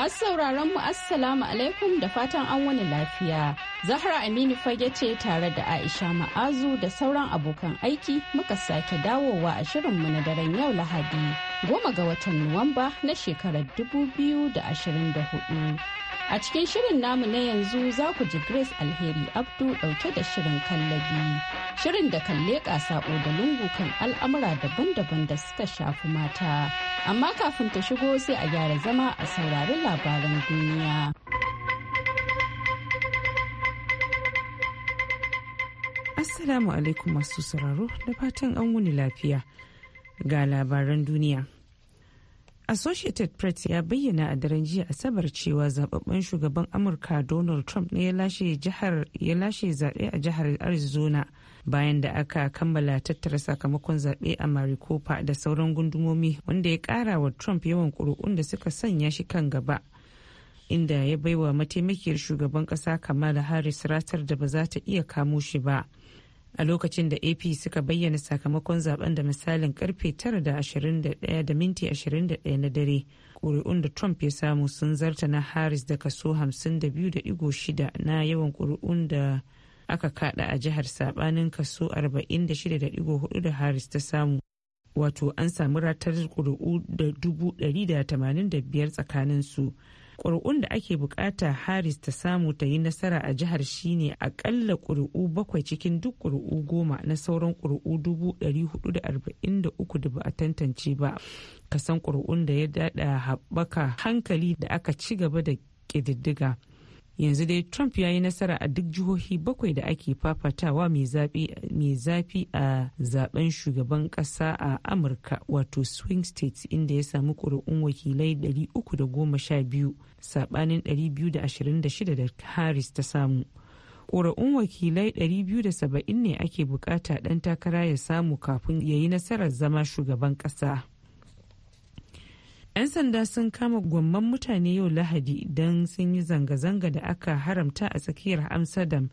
Masu sauraron mu Assalamu alaikum da fatan an wani lafiya. Zahra Aminu fage ce tare da Aisha Ma'azu da sauran abokan aiki muka sake dawowa a shirin mu na daren yau Lahadi goma ga watan Nuwamba na shekarar 2024. A cikin shirin namu na yanzu za ku ji Grace Alheri Abdu ɗauke da shirin kallabi. Shirin da kan leƙa saƙo da lungu kan al'amura daban-daban da suka shafi mata. Amma kafin ta shigo sai a gyara zama a saurari labaran duniya. Assalamu alaikum masu sauraro da fatan an wuni lafiya ga labaran duniya. associated press ya bayyana a daren jiya asabar cewa zababben shugaban amurka donald trump ne ya lashe zaɓe a jihar arizona bayan da aka kammala tattara sakamakon zaɓe a maricopa da sauran gundumomi wanda ya ƙara wa trump yawan ƙuri'un da suka sanya shi kan gaba inda ya baiwa mataimakiyar shugaban ƙasa kamala harris ratar da ba za ta iya kamo shi ba a lokacin da ap suka bayyana sakamakon zaben da misalin karfe 9 da minti 21 na dare ƙuri'un da trump ya samu sun zarta na harris da kaso 52.6 na yawan ƙuri'un da aka kada a jihar sabanin kaso 46.4 da harris ta samu wato an samu ratar ƙuri'u da 185 tsakanin su ƙuri'un da ake bukata harris ta samu ta yi nasara a jihar shine akalla ƙuri'u bakwai cikin duk ƙuri'u goma na sauran ƙuri'u dubu ɗari hudu da arba'in da uku da ba a tantance ba kasan ƙuri'un da ya daɗa haɓaka hankali da aka ci gaba da ƙididdiga yanzu dai trump ya yi nasara a duk jihohi bakwai da ake fafatawa mai zafi a zaben shugaban kasa a amurka wato swing states inda ya samu kuri'un wakilai 312 sabanin 226 da harris ta samu ƙuri'un wakilai 270 ne ake bukata ɗan takara ya samu kafin ya yi nasarar zama shugaban ƙasa. 'Yan sanda sun kama gwamman mutane yau Lahadi don sun yi zanga-zanga da aka haramta a tsakiyar Amsterdam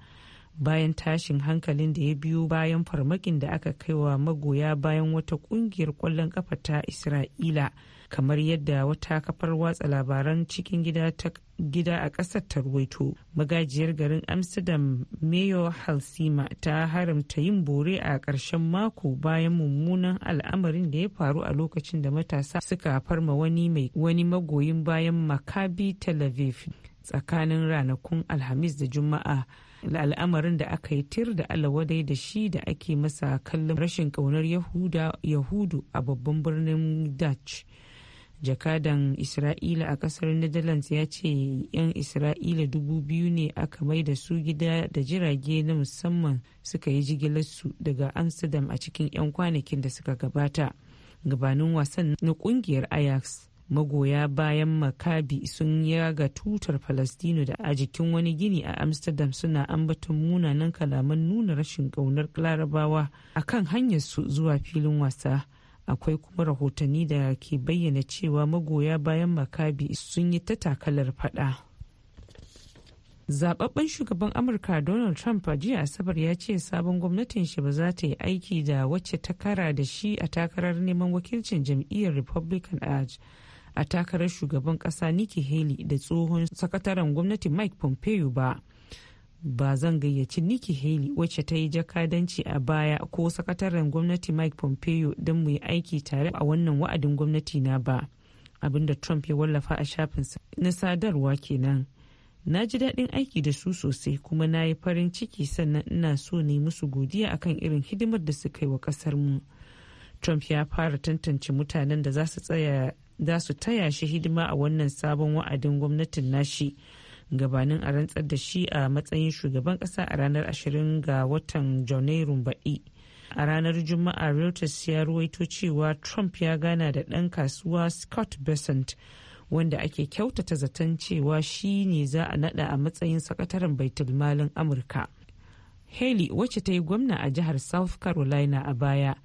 bayan tashin hankalin da ya biyo bayan farmakin da aka kaiwa magoya bayan wata kungiyar kwallon kafa ta Isra'ila kamar yadda wata kafar watsa labaran cikin gida ta gida a ƙasar ta ruwaito magajiyar garin amsterdam mayo halsima ta haramta yin bore a ƙarshen mako bayan mummunan al'amarin da ya faru a lokacin da matasa suka farma wani mai wani magoyin bayan makabi tel tsakanin ranakun alhamis da juma'a al'amarin da aka yi tir da alawadai da shi da ake masa kallon rashin ƙaunar yahudu a babban birnin dutch jakadan isra'ila a kasar netherlands ya ce 'yan isra'ila dubu biyu ne aka mai da su gida da jirage na musamman suka yi jigilarsu daga amsterdam a cikin 'yan kwanakin da suka gabata gabanin wasan na kungiyar ajax magoya bayan makabi sun yaga tutar palestino da a jikin wani gini a amsterdam suna ambaton munanan kalaman nuna rashin ƙaunar larabawa akan hanyar su zuwa filin wasa akwai kuma rahotanni da ke bayyana cewa magoya bayan makabi sun yi ta takalar fada zababben shugaban amurka donald trump a jiya asabar ya ce sabon gwamnatin shi ba za ta yi aiki da wacce ta kara da shi a takarar neman wakilcin jam'iyyar republican a takarar shugaban kasa nikki haley da tsohon sakataren gwamnati mike pompeo ba ba zan gayyaci Nikki Haley wacce ta yi jakadanci a baya ko sakataren gwamnati Mike Pompeo don mu yi aiki tare a wannan wa'adin gwamnati na ba. Abinda Trump ya wallafa a shafinsa na sadarwa kenan. Na ji daɗin aiki da su sosai kuma na yi farin ciki sannan ina so ne musu godiya akan irin hidimar da suka yi wa ƙasar mu. Trump ya fara tantance mutanen da za su taya shi hidima a wannan sabon wa'adin gwamnatin nashi. gabanin a rantsar da shi a matsayin shugaban kasa a ranar 20 ga watan janairun baɗi a ranar juma'a reuters ya ruwaito cewa trump ya gana da ɗan kasuwa scott besant wanda ake kyautata zaton cewa shi ne za a nada a matsayin sakataren baitulmalin amurka haley wacce ta yi gwamna a jihar south carolina a baya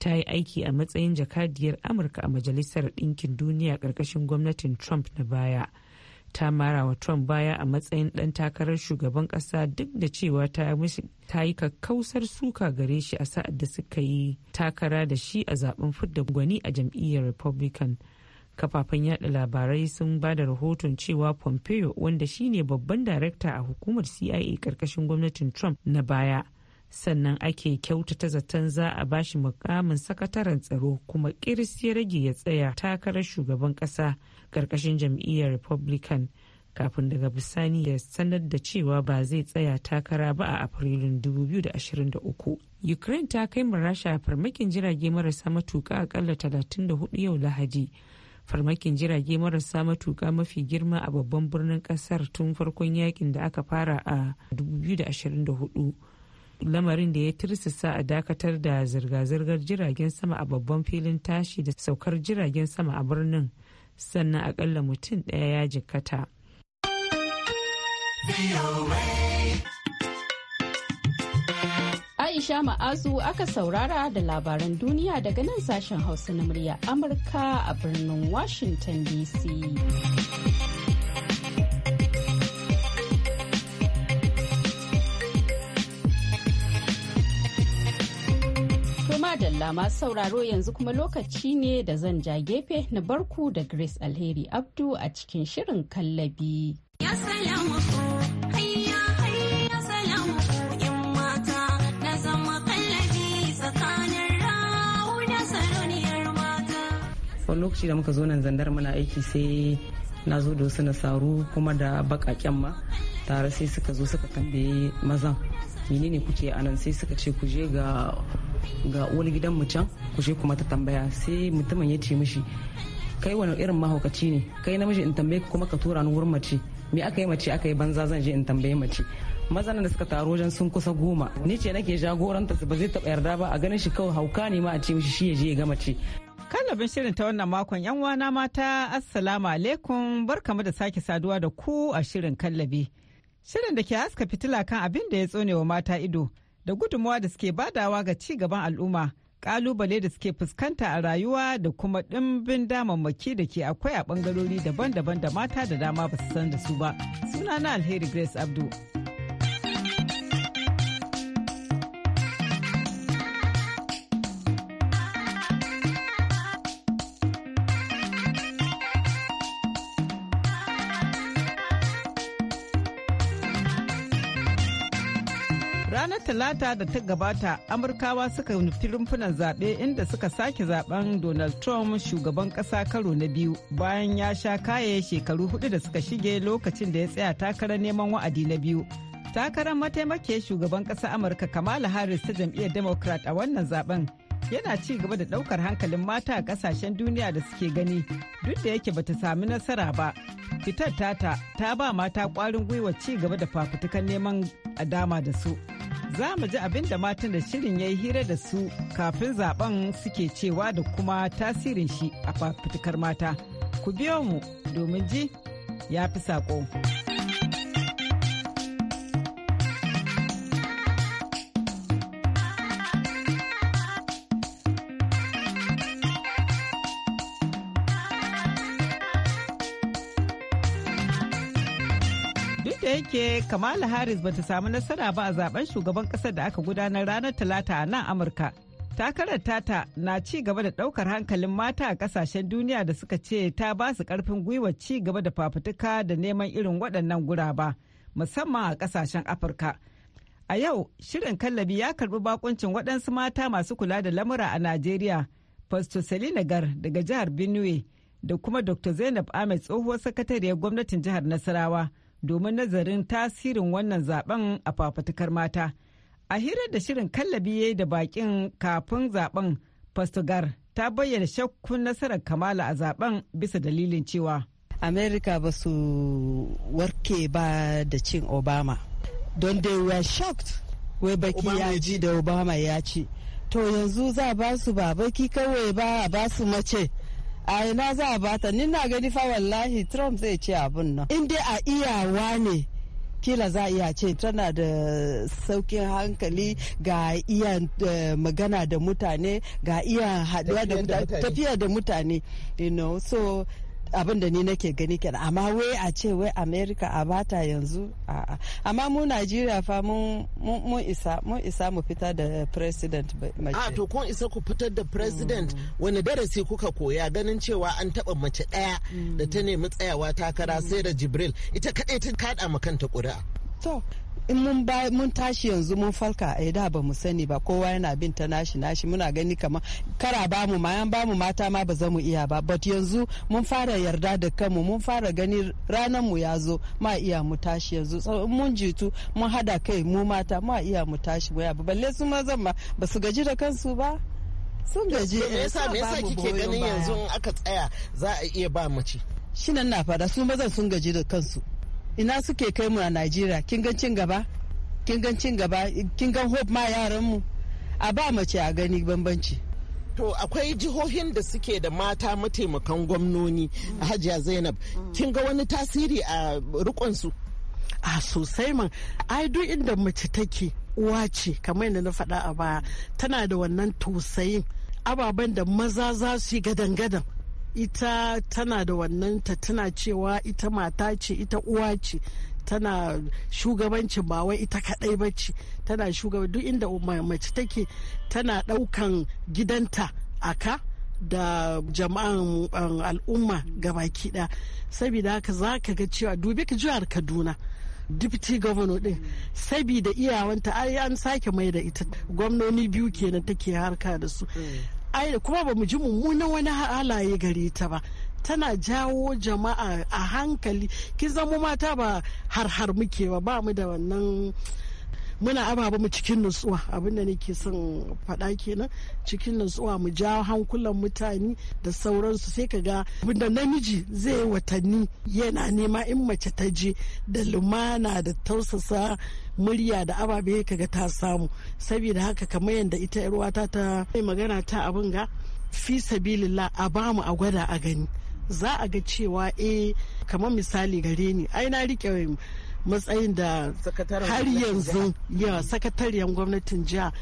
ta yi aiki a matsayin jakadiyar amurka a majalisar ɗinkin duniya ƙarƙashin gwamnatin trump na baya ta mara wa Trump baya a matsayin ɗan takarar shugaban ƙasa duk da cewa ta yi kakkausar suka gare shi a sa'ad da suka yi takara da shi a zaben fidda gwani a jam'iyyar Republican. kafafen yada labarai sun ba da rahoton cewa pompeo wanda shine babban darakta a hukumar cia ƙarƙashin gwamnatin trump na baya sannan ake kyautata zaton za a bashi mukamin sakataren tsaro kuma kiris ya rage ya tsaya takarar shugaban kasa karkashin jam'iyyar republican kafin daga bisani ya sanar da cewa ba zai tsaya takara ba a afrilun 2023 ukraine ta kai rasha farmakin jirage marasa matuka akalla 34 yau lahadi farmakin jirage marasa matuka mafi girma a babban birnin kasar tun farkon yakin da aka fara a 2024 lamarin da ya tirsasa a dakatar da zirga-zirgar jiragen sama a babban filin tashi da saukar jiragen sama a birnin sannan akalla mutum ɗaya ya jikkata. Aisha Ma'azu aka saurara da labaran duniya daga nan sashen Hausa na murya Amurka a birnin Washington DC. Madalla masu sauraro yanzu kuma lokaci ne da zan ja gefe na barku da Grace Alheri Abdu a cikin shirin kallabi. Ya wani lokaci da muka zo nan zandar muna aiki sai na zo da wasu nasaru kuma da bakaken ma tare sai suka zo suka tambaye mazan menene kuke a nan sai suka ce ku je ga ga uwar gidan mu can ku je kuma ta tambaya sai mutumin ya ce mishi kai wani irin mahaukaci ne kai namiji in tambaye ka kuma ka tura ni wurin mace me aka yi mace aka yi banza zan je in tambaye mace mazanan da suka taro wajen sun kusa goma ni ce nake jagoranta ba zai taba yarda ba a ganin shi kawai hauka ne ma a ce mishi shi ya je ya ga mace kallabin shirin ta wannan makon yan wana mata assalamu alaikum barkamu da sake saduwa da ku a shirin kallabi Shirin da ke haska fitila kan abin da ya tsone wa mata ido da gudunmawa da suke badawa ga ci gaban al'umma, kalubale da suke fuskanta a rayuwa da kuma ɗimbin damammaki da ke akwai a ɓangarori daban-daban da mata da dama ba su san da su ba. Sunana Alheri Grace Abdu. talata da ta gabata amurkawa suka nufi rumfunan zaɓe inda suka sake zaben donald trump shugaban ƙasa karo na biyu bayan ya sha kaye shekaru hudu da suka shige lokacin da ya tsaya takarar neman wa'adi na biyu takarar mataimakiyar shugaban ƙasa amurka kamala harris ta jam'iyyar democrat a wannan zaben yana ci gaba da ɗaukar hankalin mata a ƙasashen duniya da suke gani duk da yake bata sami nasara ba fitar tata ta ba mata ƙwarin gwiwa ci gaba da fafutukan neman a dama da su za mu ji abin da matan da shirin ya yi hira da su kafin zaben suke cewa da kuma tasirin shi a fafutukar mata. Ku biyo mu domin ji ya fi saƙo. yake kamala harris bata samu nasara ba a zaben shugaban kasar da aka gudanar ranar talata a nan amurka takarar tata na ci gaba da daukar hankalin mata a kasashen duniya da suka ce ta ba su karfin gwiwa ci gaba da fafutuka da neman irin waɗannan guraba musamman a kasashen afirka a yau shirin kallabi ya karbi bakuncin waɗansu mata masu kula da lamura a najeriya pastor selina gar daga jihar benue da kuma dr zainab ahmed tsohuwar sakatariyar gwamnatin jihar nasarawa domin nazarin tasirin wannan zaben a fafatukar mata. A hirar da shirin kallabi ya da bakin kafin zaben Fastogar ta bayyana shakkun nasarar Kamala a zaben bisa dalilin cewa. america ba su warke ba da cin Obama. Don they were shocked wai baki ya ji da Obama ya ci. To yanzu za ba su ba baki kawai ba a ba su mace. a ina za a bata ni na gani fa wallahi trump zai ce abun nan in dai a iyawa ne kila za a iya ce tana da saukin hankali ga iya eh, magana da mutane ga iya haduwa da mutane tafiya da mutane you know so abin da ni nake gani kenan amma wai a ce wai america a bata yanzu amma mu najeriya fa mun isa mun isa mu fitar da president a ah, to kun isa ku fitar da president mm. wani darasi kuka koya ganin cewa an taba mace daya da ta mm. nemi tsayawa takara sai da jibril ita kadai ta kada ma kanta ƙuri'a to in mun ba mun tashi yanzu mun falka a eh, da ba mu sani ba kowa yana bin ta nashi nashi muna gani kamar kara ba mu ma yan ba mu mata ma ba za mu iya ba but yanzu mun fara yarda da kanmu mun fara gani ranar mu ya zo ma iya mu tashi yanzu so, mun jitu mun hada kai mu mata ma iya mu tashi mu ba balle su zan ma ba su gaji da kansu ba sun gaji eh, me yasa me yasa kike ganin yanzu in aka tsaya za a iya ba mace nan na fada su mazan sun gaji da kansu ina suke kai mu a najeriya kin gan cin gaba kin gan cin gaba kin gan hope ma yaran mu a ba mace a gani bambanci to akwai jihohin da suke da mata mataimakan gwamnoni a hajiya zainab kin ga wani tasiri a rikonsu a sosai man ai duk inda mace take uwa ce kamar yadda na faɗa a baya tana da wannan tosayin ababen da maza za su yi gadan-gadan ita tana da wannan ta tana cewa ita mata ce ita uwa ce tana shugabanci ba wai ita kadai ba ce tana shugaban duk inda mace take tana daukan gidanta a ka da jama'an um, al'umma gabaki ɗaya saboda haka za ka ga cewa dubi ka jihar kaduna deputy governor din saboda iyawanta ai an sake mai da ita gwamnoni biyu kenan take harka da su mm. ai kuma ba mu ji mummunan wani halaye gare ta ba tana jawo jama'a a hankali kin zamo mata ba har har muke ba ba mu da wannan muna ababa mu cikin nutsuwa abinda nake son faɗa kenan cikin nutsuwa mu ja hankulan mutane da sauransu sai ka ga da namiji zai watanni yana nema in mace ta je da lumana da tausasa murya da ababe kaga ta samu saboda haka kamar yadda ita yarwata ta magana ta abin ga fi sabilillah a bamu a gwada a gani za a ga cewa eh kamar misali gare ni ai na rike matsayin da har yanzu ya sakatariyar gwamnatin jiha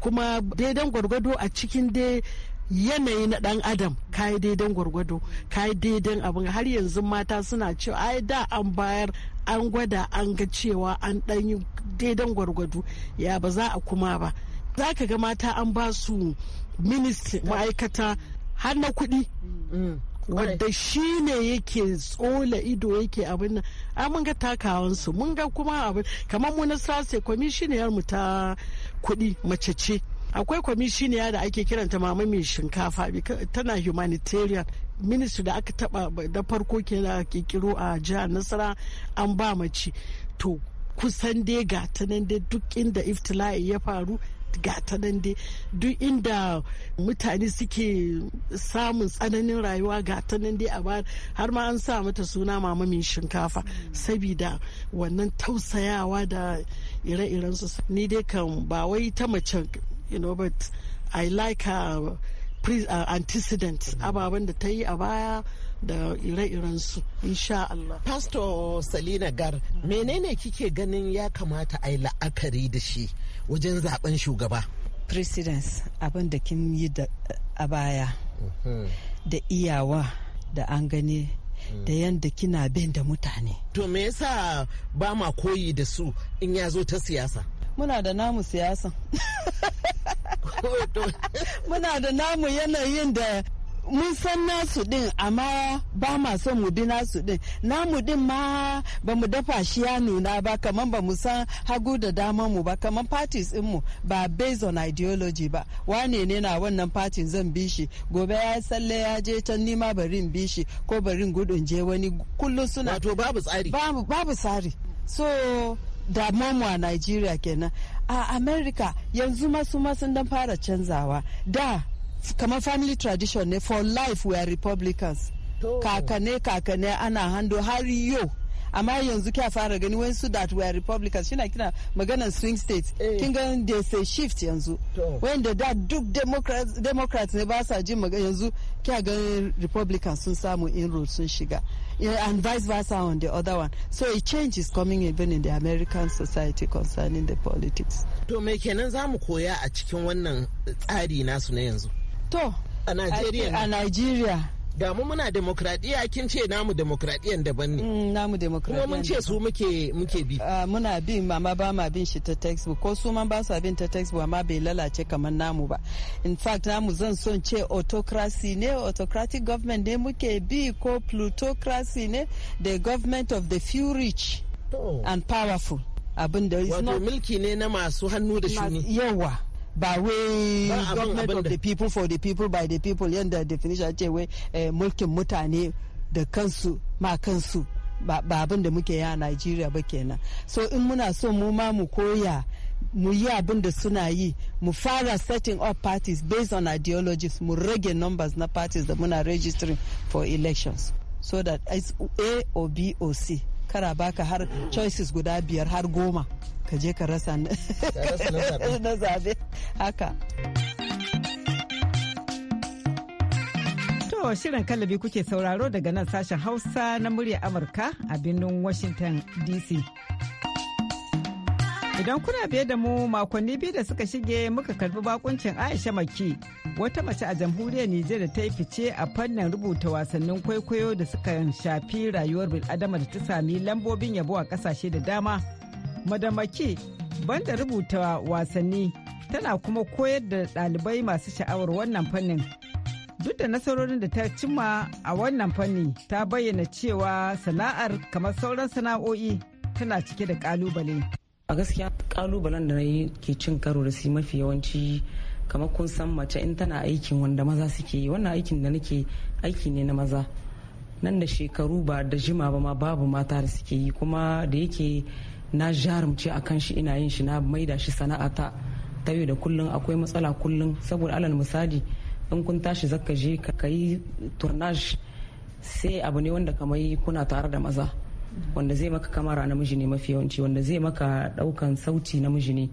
kuma daidan gwargwado a cikin dai yanayi na dan adam kayi daidan gwargwado kayi daidan abin har yanzu mata suna cewa ai da an bayar an gwada an ga cewa an dan yi daidan gwargwado ya ba za a kuma ba za ka ga mata an ba su ministry ma'aikata har na kuɗi mm. wadda shi ne yake tsola ido yake abin nan a mun ga takawansu mun ga kuma abin kamar mu na sase kwamishiniyar mu ta kuɗi mace ce akwai kwamishiniya da ake kiranta mama mai shinkafa tana humanitarian ministry da aka taba da farko da kikiro a jihar nasara an ba mace to kusan dai ga ta nan dai duk inda iftila'i ya faru gata nan dai duk inda mutane suke samun tsananin rayuwa gata nan dai a har ma an sa mata suna mama min shinkafa sabida wannan tausayawa da ire-iren su ni dai kan ba wai ta mace you know but i like her uh, antecedent ababen da ta yi a baya da ire-irensu insha Allah. Pastor Salina Gar, menene kike ganin ya kamata a yi la'akari da shi wajen zaben shugaba presidents abin da kin yi a baya mhm. da iyawa da an gani mm. da yadda kina bin da mutane to me yasa ba ma koyi da su in ya zo ta siyasa muna da namu siyasan muna da namu yanayin da mun san nasu din amma ba ma son mu bi nasu din namu din ma ba mu dafa shi ya nuna ba kamar ba mu san hagu da dama mu ba kamar parties din mu ba based on ideology ba wane ne na wannan party zan bi shi gobe ya salle ya je can nima barin bi shi ko barin gudun je wani kullum suna wato babu tsari babu babu tsari so mu a nigeria kenan a America yanzu masu masun dan fara canzawa da kamar family tradition ne for life we are republicans kakane kakane ana hando har yau amma yanzu kya fara gani wasu that we are republicans shina kina maganar swing states eh. kin ga da say shift yanzu wanda da duk democrats democrats ne ba sa jin magana yanzu kya ganin republicans sun samu inroad sun shiga and vice versa on the other one so a change is coming even in the american society concerning the politics to me kenan zamu koya a cikin wannan tsari nasu na yanzu To. A Nigeria. A Nigeria. da mu muna demokradiyya kin ce namu demokradiyyan daban ne mm, namu demokradiyya kuma mun ce su muke muke bi ah, muna bin mama ba ma bin shi ta textbook ko su man ba su bin ta textbook amma bai lalace kamar namu ba in fact namu zan son ce autocracy ne autocratic government ne muke bi ko plutocracy ne the government of the few rich and powerful abin da wato mulki ne na masu hannu da shuni yawa ba wai government of the people for the people by the people yadda definition ce wai eh, mulkin mutane da kansu ma kansu ba abin da muke ya a Najeriya ba kenan so in muna so mu ma mu koya mu yi abin da suna yi mu fara setting up parties based on ideologies mu rage numbers na parties da muna registering for elections so that it's a or b or c kara baka har choices guda biyar har goma ka je ka rasa na zabe haka To shirin kallabi kuke sauraro daga nan sashen Hausa na muryar Amurka a birnin Washington DC. Idan kuna biye da mu makonni biyu da suka shige muka karbi bakuncin Aisha Maki wata mace a jamhuriyar Nijar da ta yi fice a fannin rubuta wasannin kwaikwayo da suka shafi rayuwar bil'adama da ta sami lambobin yabo a kasashe da dama madamaki banda rubuta wasanni tana kuma koyar da ɗalibai masu sha'awar wannan fannin duk da nasarorin da ta cimma a wannan fanni ta bayyana cewa sana'ar kamar sauran sana'o'i tana cike da kalubale a gaskiya kalubalen da na yi ke cin karo da su mafi yawanci kamar kun san mace in tana aikin wanda maza suke yi wannan aikin da nake aiki ne na maza nan da shekaru ba da jima ba ma babu mata da suke yi kuma da yake na jarumce a kan shi ina yin shi na maida shi sana'a ta ta yau da kullum akwai matsala kullum saboda alal misali in kun tashi zaka je ka yi tournage sai abu ne wanda kamar kuna tare da maza wanda zai maka kamara namiji ne mafi yawanci wanda zai maka daukan sauti namiji ne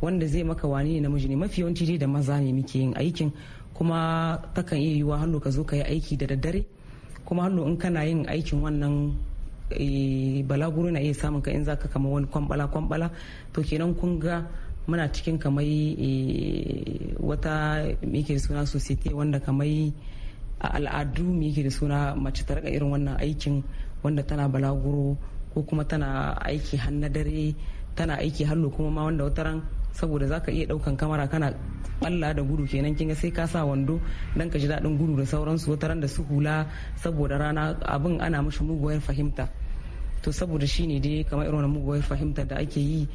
wanda zai maka wani ne namiji ne mafi yawanci dai da maza ne muke yin aikin kuma takan iya yiwuwa hannu ka zo ka yi aiki da daddare kuma hannu in kana yin aikin wannan Eh, balaguro na iya samun ka in zaka kama wani kwambala kwambala to kenan kun ga muna cikin kamar eh, wata mike da suna society wanda kamar a al'adu mike da suna mace ta rika irin wannan aikin wanda tana balaguro ko kuma tana aiki hannu dare tana aiki hannu kuma ma wanda wata ran saboda zaka iya daukan kamara kana balla da gudu kenan kin ga sai ka sa wando dan ka ji daɗin gudu da sauransu wata ran da su hula saboda rana abin ana mushi muguwar fahimta to saboda shi ne dai kamar irin muguwar fahimtar da ake yi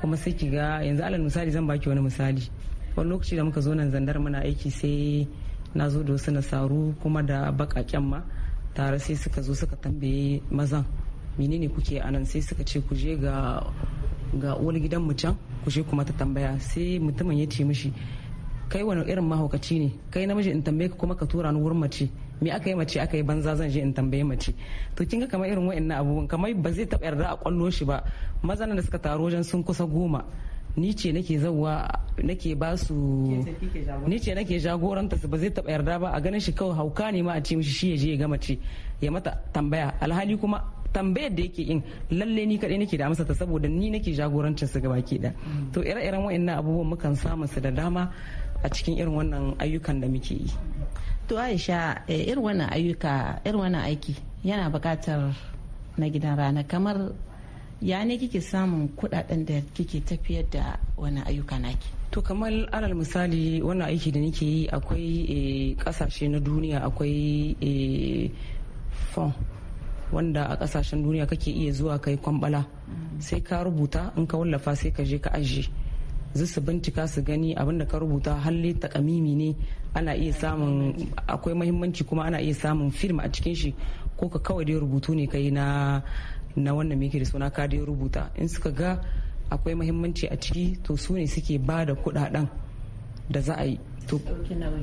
kuma sai ki ga yanzu alal misali zan baki wani misali wani lokaci da muka zo nan zandar muna aiki sai na zo da wasu nasaru kuma da bakaken ma tare sai suka zo suka tambaye mazan menene kuke anan sai suka ce ku je ga ga uwar gidan mu can ku je kuma ta tambaya sai mutumin ya ce mishi kai wani irin mahaukaci ne kai namiji in tambaye ka kuma ka tura ni wurin mace me aka yi mace aka yi banza zan je in tambaye mace to kinga kamar irin wa'annan abubuwan kamar ba zai taɓa yarda a kwallo shi ba mazan da suka taro wajen sun kusa goma ni ce nake zauwa nake ba su ni ce nake jagoranta su ba zai taba yarda ba a ganin shi kawai hauka ne ma a ce mishi shi ya je ya gama ce ya mata tambaya alhali kuma tambayar da yake in lalle ni kadai nake da amsa ta saboda ni nake jagorancin su gabaki da to ire-iren wa'annan abubuwan mukan samun su da dama a cikin irin wannan ayyukan da muke yi to aisha eh, irin ayyuka irin aiki yana bukatar na gidan rana kamar ya ne kike samun kudaden da kike tafiyar da wani ayyuka naki to kamar alal misali wannan aiki da nake yi akwai kasashe eh, na duniya akwai eh, fon wanda a kasashen duniya kake iya zuwa kai kwambala mm. sai ka rubuta in ka wallafa sai ka je ka ajiye za su bincika su gani abin da ka rubuta halle takamimi ne ana iya samun akwai mahimmanci kuma ana iya samun film a cikin shi ko ka kawai dai rubutu ne kai na na wannan me da suna ka dai rubuta in suka ga akwai mahimmanci a ciki to su ne suke ba da kudaden da za a yi to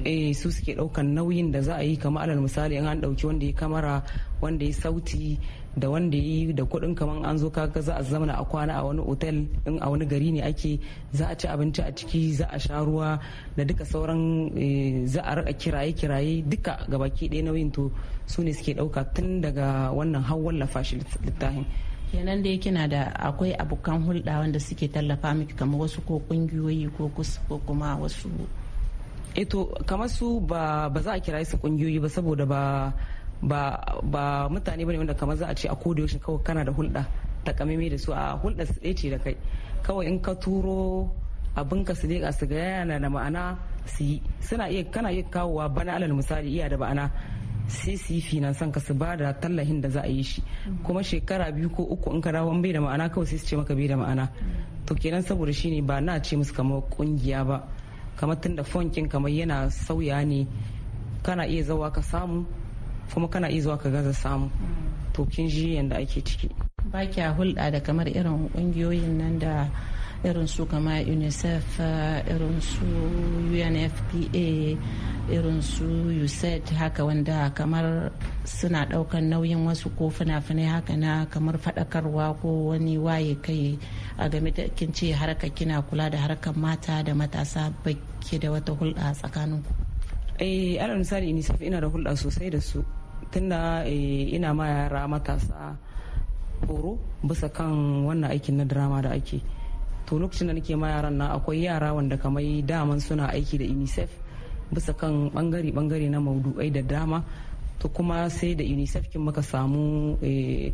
eh su suke daukan nauyin da za a yi kamar alal misali in an ɗauki wanda ya kamara wanda ya sauti da wanda ya yi da kuɗin kaman an zo kaga za a zamana a kwana a wani otel in a wani gari ne ake za a ci abinci a ciki za a sha ruwa da duka sauran eh, za a raka kiraye kiraye duka gabaki ɗaya nauyin to su ne suke ɗauka tun daga wannan har wallafa shi littafin kenan da yake na da akwai abokan hulɗa wanda suke tallafa miki kamar wasu ko ƙungiyoyi ko kuma wasu eto eh kamar su ba za a kira su ƙungiyoyi ba saboda ba ba mutane bane wanda kamar za a ce a koda yaushe kawai kana da hulɗa takamime da su a hulɗa su ɗaya ce da kai kawai in ka turo abin ka su ga su ga yana da ma'ana su yi suna iya kana iya kawowa bana alal misali iya da ma'ana sai su yi finan son ka su ba da tallahin da za a yi shi kuma shekara biyu ko uku in ka dawo bai da ma'ana kawai sai su ce maka bai da ma'ana to kenan saboda shine ba na ce musu kamar kungiya ba kamar tunda fonkin kamar yana sauya ne kana iya zawa ka samu kuma kana iya zuwa ka gaza samu to kin ji yanda ake ciki ba kya hulɗa da kamar irin ƙungiyoyin nan da irin su kama unicef eh, irin su unfpa irin su usaid haka wanda kamar suna ɗaukar nauyin wasu ko fina-finai haka na kamar faɗakarwa ko wani waye kai a game da kin ce harkar kina kula da harkar mata da matasa ba ke da wata hulɗa tsakaninku eh alal misali unicef ina da hulɗa sosai da su tunda eh, ina ma yara matasa horo bisa kan wannan aikin na drama da ake to lokacin da nake ma yaran nan akwai yara wanda kamai dama suna aiki da unicef bisa kan bangare-bangare na maudu'ai da dama to kuma sai da unicef kin muka samu eh,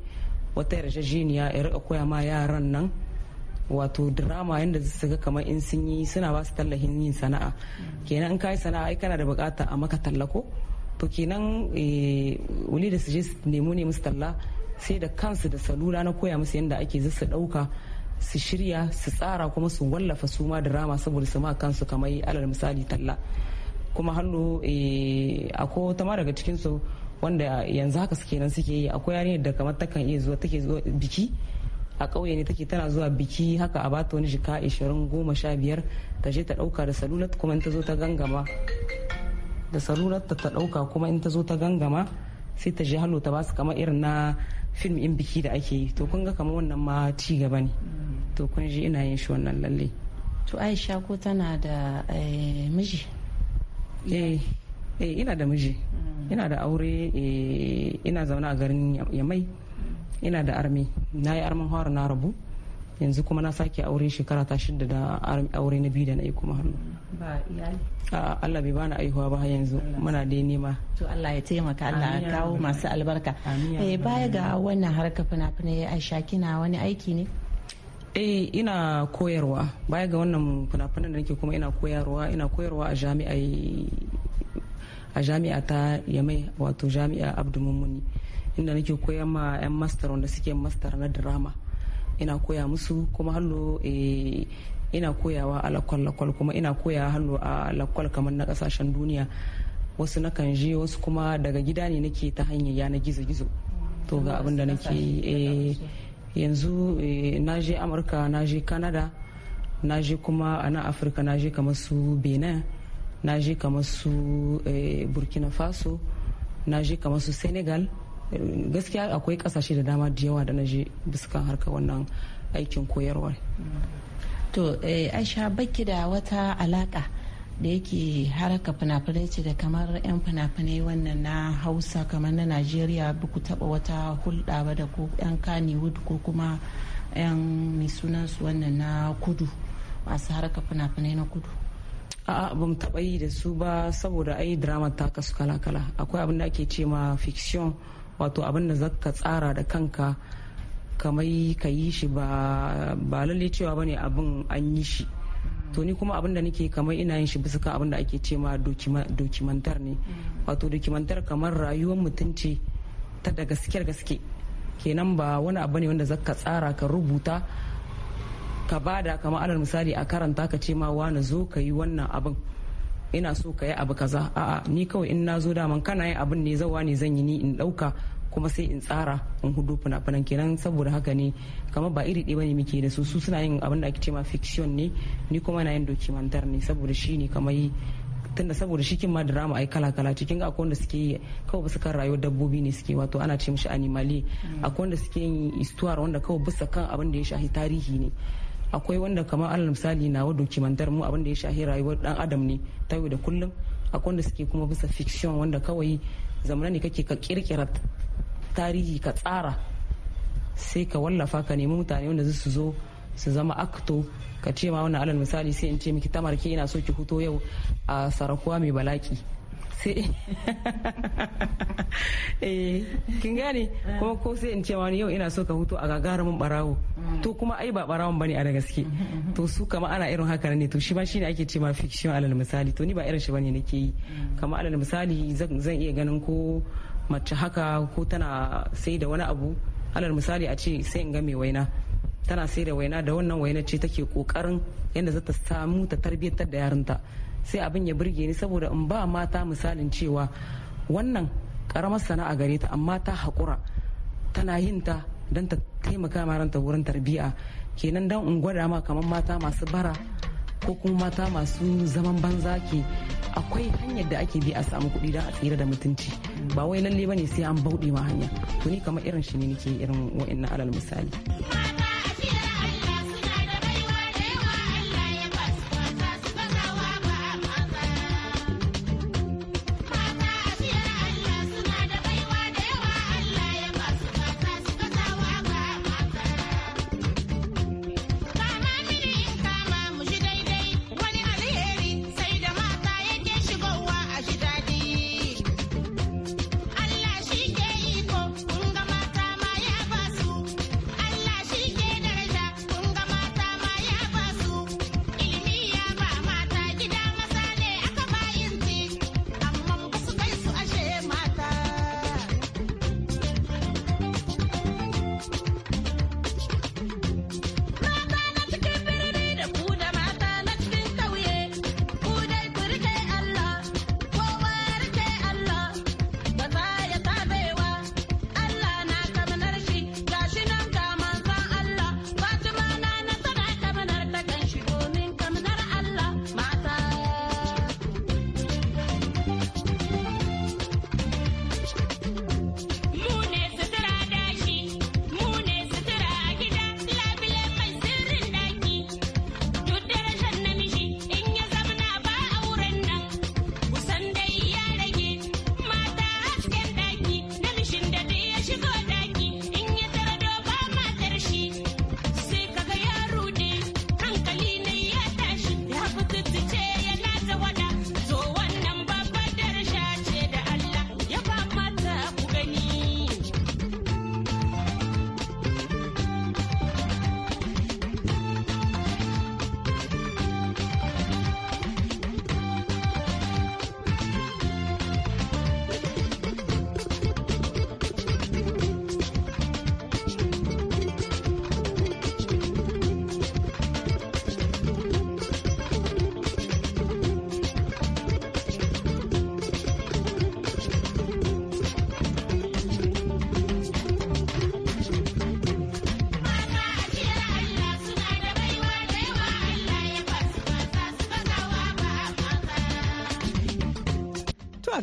wata yarjejeniya ya rika koya ma yaran nan wato drama yadda su ga kamar in sun yi suna ba su tallafin yin sana'a kenan in ka yi sana'a ai kana da bukata a maka tallako to kenan eh, wani da su je su nemo ne musu talla sai da kansu da salula na koya musu yadda ake zai su ɗauka su shirya su tsara kuma su wallafa su ma drama saboda su ma kansu kamar alal misali talla kuma hallo eh, akwai wata ma daga cikinsu wanda yanzu haka suke nan suke yi akwai yarinyar da kamar takan iya zuwa take zuwa biki a ƙauye ne take tana zuwa biki haka a bata wani jika 20 goma sha biyar ta je ta ɗauka da salula kuma ta zo ta gangama da sarurar ta ɗauka kuma in ta zo ta gangama sai ta je hallo ta ba su kamar irin na fim in biki da ake yi to kun ga kamar wannan ma ci gaba ne to kun ji ina yin shi wannan lalle to aisha ko tana da eh, miji eh, eh ina da miji ina da aure eh, ina zaune a garin yamai ina da armi na yi armin hawar na rabu yanzu kuma na sake aure shekara ta shida da aure na biyu da na yi kuma hannu ba iyali Allah bai bani aihuwa ba yanzu muna dai nema to Allah ya taimaka Allah ya kawo masu albarka eh baya ga wannan harka fina-finai Aisha kina wani aiki ne eh ina koyarwa baya ga wannan fina-finan da nake kuma ina koyarwa ina koyarwa a jami'a a jami'a ta yamai wato jami'a abdu mummuni inda nake koyar ma 'yan master wanda suke master na drama ina koya musu kuma hallo eh, ina koyawa a lakwal-lakwal kuma ina koyawa hallo a lakwal kamar na kasashen duniya wasu na kan je wasu kuma daga gida ne nake ta hanyar yana gizo-gizo to ga abin da nake eh, yanzu eh, na je amurka na je canada na je kuma a nan afirka na je kamar su benin na je kamar su burkina faso na je kamar su senegal gaskiya akwai kasashe da dama da yawa da na je biskan harka wannan aikin koyarwa to eh, aisha baki da wata alaka da yake haraka fina-finai ce da kamar 'yan fina-finai wannan na hausa kamar na najeriya ku taba wata hulɗa ba da ko 'yan kaniwood ko kuma 'yan mai sunansu wannan na kudu masu haraka fina-finai na kudu a'a ba taɓa yi da su ba saboda ai drama ta kasu kala-kala akwai abin da ake ce ma fiction wato abin da zaka tsara da kanka kamar ka yi shi ba lalle cewa ba ne abin an yi shi to ni kuma abin da nake kamar ina yin shi bisa kan abin da ake ce ma dokimantar ne wato dokimantar kamar rayuwar mutunci ta da gaske gaske kenan ba wani abu ne wanda zaka tsara ka rubuta ka bada kamar alal misali a karanta ka ce ma wani zo ka yi wannan abin ina so ka yi abu kaza a'a ni kawai in na zo daman kana yin abin ne zawa ne zan yi ni in ɗauka kuma sai in tsara in hudu fina-finan kenan saboda haka ne kamar ba iri ɗaya bane muke da su su suna yin abin da ake cewa fiction ne ni kuma na yin documentary ne saboda shi ne kamar tunda saboda shi ma drama ai kala-kala cikin ga akwai wanda suke yi kawai bisa kan rayuwar dabbobi ne suke wato ana ce mishi animali akwai wanda suke yin istuwar wanda kawai bisa kan abin da ya shahi tarihi ne akwai wanda kamar alal misali na nawa kimantar mu abin da ya shahi rayuwar dan adam ne ta yau da kullum akwai wanda suke kuma bisa fiction wanda kawai zamana ne kake ka kirkira tarihi ka tsara sai ka wallafa ka nemi mutane wanda su zo su zama akto ka ce ma wannan alal misali sai in ce miki tamar ke ina so ki huto yau a sarakuwa mai balaki sai eh kin gane ko ko sai in ce wani yau ina so ka hutu a gagarumin barawo mm. to kuma ai ba barawon bane a da gaske to su kama ana irin haka ne to shi ma shine ake ce ma fiction alal misali to ni ba irin shi bane nake yi mm. kama alal misali zan iya ganin ko mace haka ko tana sai da wani abu alal misali a ce sai in ga mai waina tana sai da waina da wannan waina ce take kokarin yadda za ta samu ta tarbiyyantar da yarinta sai abin ya burge ni saboda in ba mata misalin cewa wannan karamar sana'a gare ta amma ta haƙura tana yin ta don ta taimaka maranta wurin tarbiyya kenan don in gwada ma kamar mata masu bara ko kuma mata masu zaman banza ke akwai hanyar da ake bi a samu kuɗi don a tsira da mutunci ba wai lalle ne sai an bauɗe ma hanya to ni kamar irin shi ne nake irin wa'annan alal misali.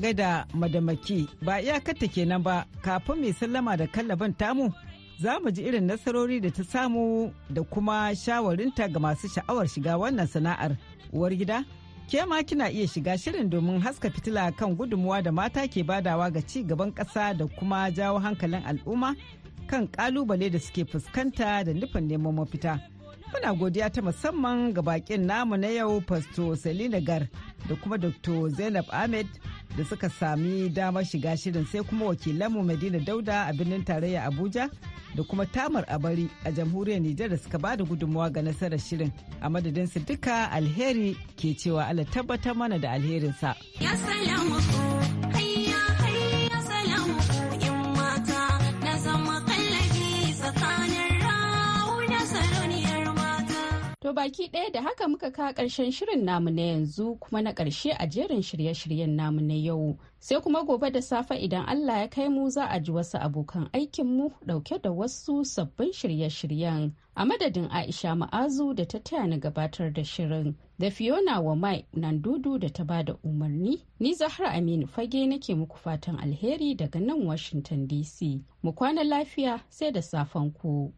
gaida madamaki ba iyakarta kenan ba kafin mai sallama da kallaban tamu za mu ji irin nasarori da ta samu da kuma shawarinta ga masu sha'awar shiga wannan sana'ar uwar gida ke ma kina iya shiga shirin domin haska fitila kan gudunmuwa da mata ke badawa ga ci gaban ƙasa da kuma jawo hankalin al'umma kan ƙalubale da suke fuskanta da nufin neman mafita. Muna godiya ta musamman ga bakin namu na yau Pasto Selina Gar da kuma Dr. Zainab Ahmed da suka sami damar shiga shirin sai kuma wakilanmu Madina Dauda a birnin tarayya Abuja da kuma Tamar Abari a jamhuriyar Nijar da suka ba da gudunmawa ga nasarar shirin. A madadin duka alheri ke cewa Allah tabbatar mana da alherinsa. Ya To baki ɗaya da haka muka ka ƙarshen shirin namu na yanzu kuma na ƙarshe a jerin shirye-shiryen namu na yau. Sai kuma gobe da safe idan Allah ya kai mu za a ji wasu abokan aikinmu ɗauke da wasu sabbin shirye-shiryen. A madadin Aisha Ma'azu da ta taya na gabatar da shirin. Da Fiona wa Mai nan dudu da ta bada umarni, ni Zahra Aminu Fage nake muku fatan alheri daga nan Washington DC. Mu kwana lafiya sai da safen ku.